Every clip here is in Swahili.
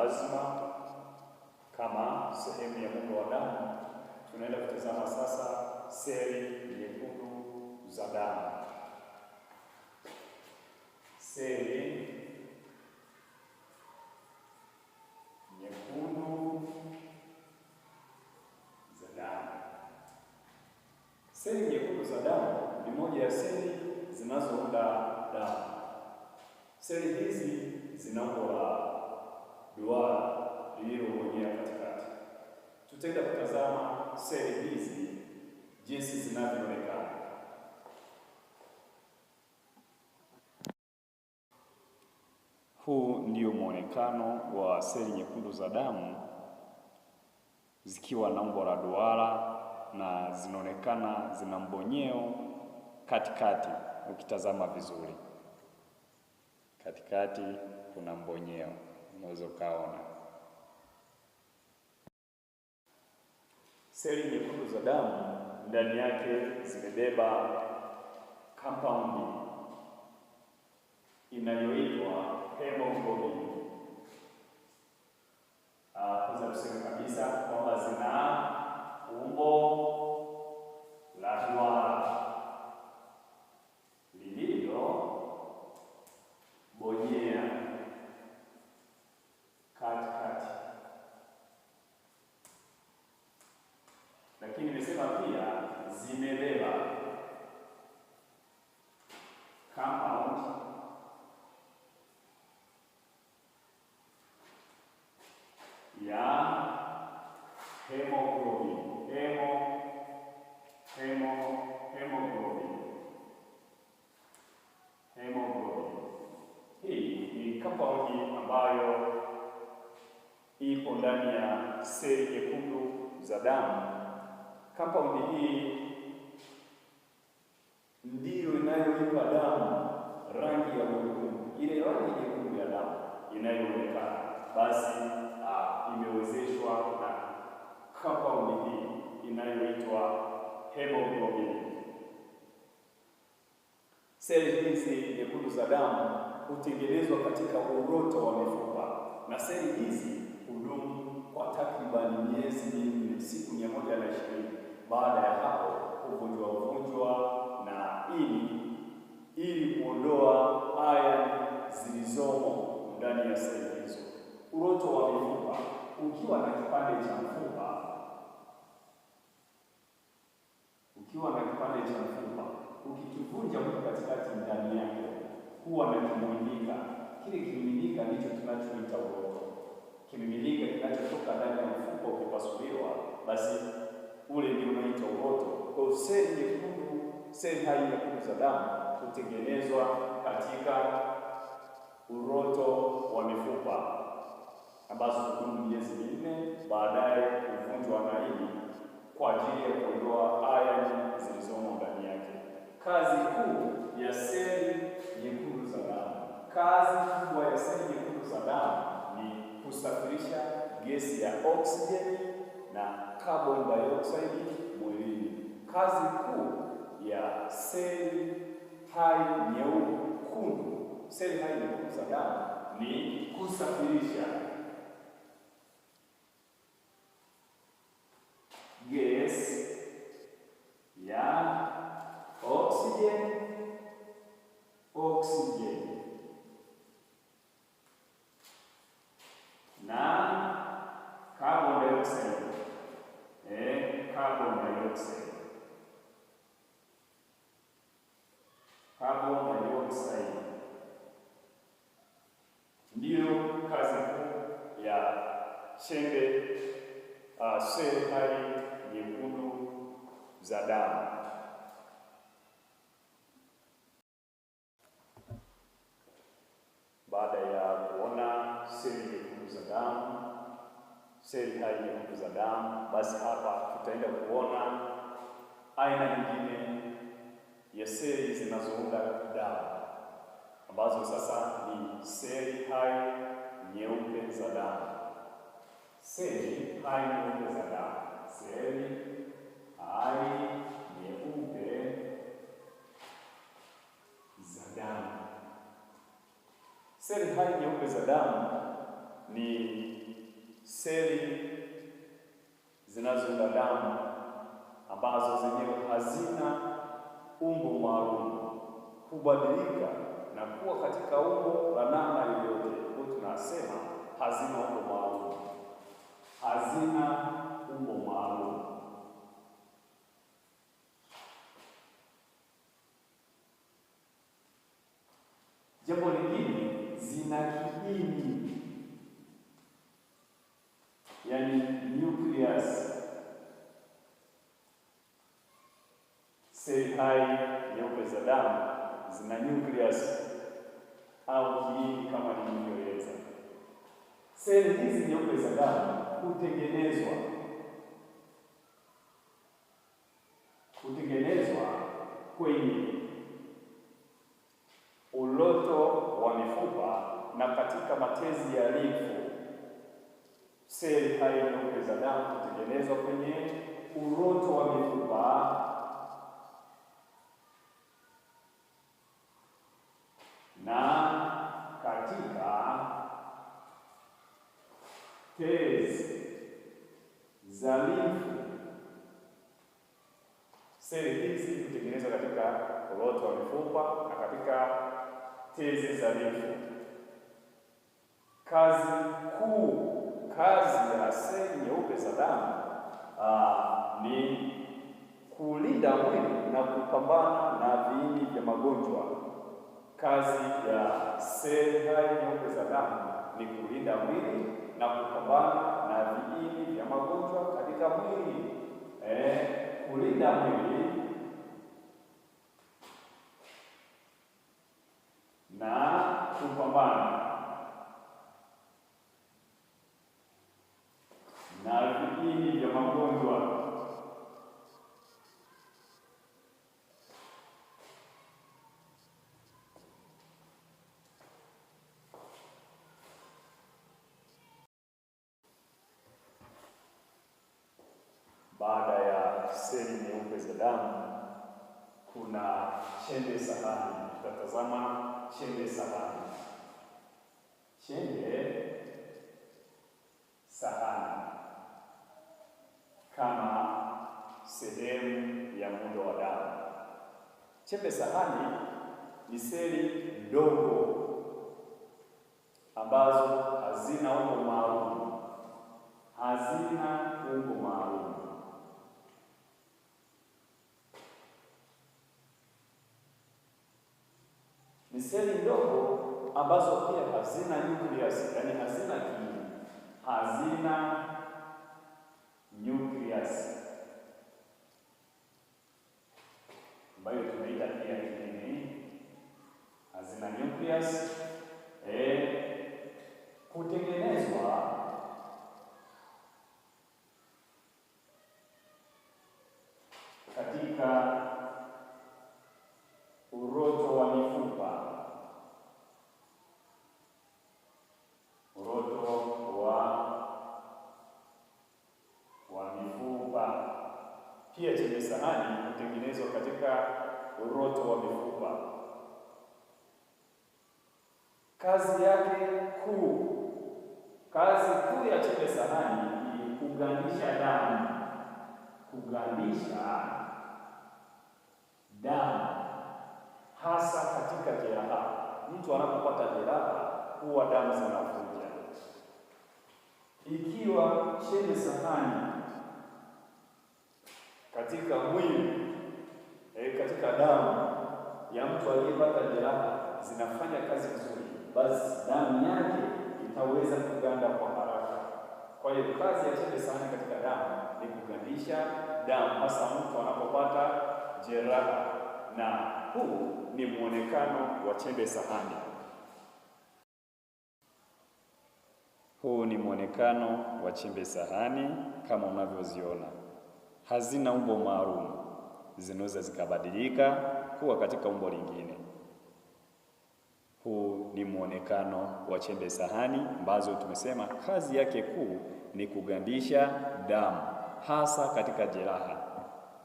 lazima kama sehemu ya muundo wa damu. Tunaenda kutazama sasa seli nyekundu za damu. Seli tutaenda kutazama seli hizi jinsi zinavyoonekana. Huu ndio mwonekano wa seli nyekundu za damu zikiwa na umbo la duara na zinaonekana zina mbonyeo katikati. Ukitazama vizuri, katikati kuna mbonyeo, unaweza ukaona seli nyekundu za damu ndani yake zimebeba compound inayoitwa hemoglobin. Ah, kwanza tuseme kabisa kwamba zina umbo nimesema pia zimebeba compound ya hemoglobin hemo hemo hemoglobin hemoglobin. Hii ni compound ambayo ipo ndani ya seli nyekundu za damu Compound hii ndiyo inayoipa damu rangi ya nyekundu, ile rangi nyekundu ya damu inayoonekana, basi ah, imewezeshwa na compound hii inayoitwa hemoglobin. Seli hizi nyekundu za damu hutengenezwa katika uroto wa mifupa na seli hizi hudumu kwa takribani miezi minne, siku mia moja baada ya hapo huvunjwa vunjwa na ini ili kuondoa iron zilizomo ndani ya seli hizo. Uroto wa mifupa, ukiwa na kipande cha mfupa ukiwa na kipande cha mfupa ukikivunja huku katikati, ndani yake huwa na kimiminika. Kile kimiminika ndicho kinachoita uroto, kimiminika kinachotoka ndani ya mfupa ukipasuliwa basi seli nyekundu, seli hai nyekundu za damu hutengenezwa katika uroto wa mifupa ambazo hudumu miezi minne, baadaye huvunjwa naini kwa ajili ya kuondoa ayoni zilizomo ndani yake. Kazi kuu ya seli nyekundu za damu, kazi kubwa ya seli nyekundu za damu ni kusafirisha gesi ya oksijeni na carbon dioxide kazi kuu ya seli hai nyekundu, seli hai nyekundu za damu ni kusafirisha ya chembe uh, seli hai nyekundu za damu. Baada ya kuona seli nyekundu za damu, seli hai nyekundu za damu, basi hapa tutaenda kuona aina nyingine ya seli zinazounda damu ambazo sasa ni seli hai nyeupe za damu. Seli hai nyeupe za damu, seli hai nyeupe za damu. Seli hai nyeupe za damu ni seli zinazounda damu ambazo zenyewe hazina umbo maalum, hubadilika na kuwa katika umbo la namna hai nyeupe za damu zina nucleus au kiini kama nilivyoeleza. Seli hizi nyeupe za damu hutengenezwa hutengenezwa kwenye uloto wa mifupa na katika matezi ya lifu. Seli hai nyeupe za damu hutengenezwa kwenye uloto wa mifupa tezi, zalifu Seli hizi hutengenezwa katika uroto wa mifupa na katika tezi lifu Kazi kuu, kazi ya seli nyeupe za damu ah, ni kulinda mwili na kupambana na viini vya magonjwa. Kazi ya seli hai nyeupe za damu ni kulinda mwili na kupambana na viini vya magonjwa katika mwili, eh, kulinda mwili baada ya seli nyeupe za damu kuna chembe sahani. Tutatazama chembe sahani. Chembe sahani kama sehemu ya muundo wa damu. Chembe sahani ni seli ndogo ambazo hazina umbo maalum, hazina umbo maalum ni seli ndogo ambazo pia hazina nucleus, yani hazina kiini, hazina nucleus ambayo tunaita pia kiini, hazina nucleus Pia chenye sahani hutengenezwa katika uroto wa mifupa. Kazi yake kuu, kazi kuu ya chenye sahani ni kugandisha damu, kugandisha damu, hasa katika jeraha. Mtu anapopata jeraha, huwa damu zinavuja. Ikiwa chenye sahani katika mwili e, katika damu ya mtu aliyepata jeraha zinafanya kazi nzuri, basi damu yake itaweza kuganda kwa haraka. Kwa hiyo kazi ya Chembe Sahani katika damu ni kugandisha damu, hasa mtu anapopata jeraha, na huu ni mwonekano wa Chembe Sahani. Huu ni mwonekano wa Chembe Sahani kama unavyoziona hazina umbo maalum, zinaweza zikabadilika kuwa katika umbo lingine. Huu ni mwonekano wa chembe sahani ambazo tumesema kazi yake kuu ni kugandisha damu, hasa katika jeraha.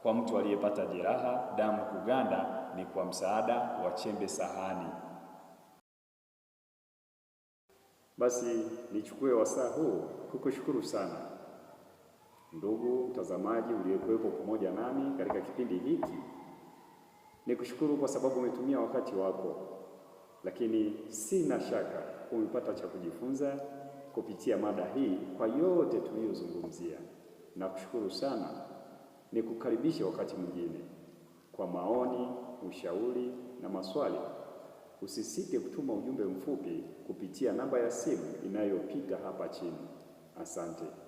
Kwa mtu aliyepata jeraha, damu kuganda ni kwa msaada wa chembe sahani. Basi nichukue wasaa huu kukushukuru sana ndugu mtazamaji uliyekuwepo pamoja nami katika kipindi hiki, nikushukuru kwa sababu umetumia wakati wako, lakini sina shaka umepata cha kujifunza kupitia mada hii kwa yote tuliyozungumzia. Nakushukuru sana, nikukaribishe wakati mwingine kwa maoni, ushauri na maswali. Usisite kutuma ujumbe mfupi kupitia namba ya simu inayopiga hapa chini. Asante.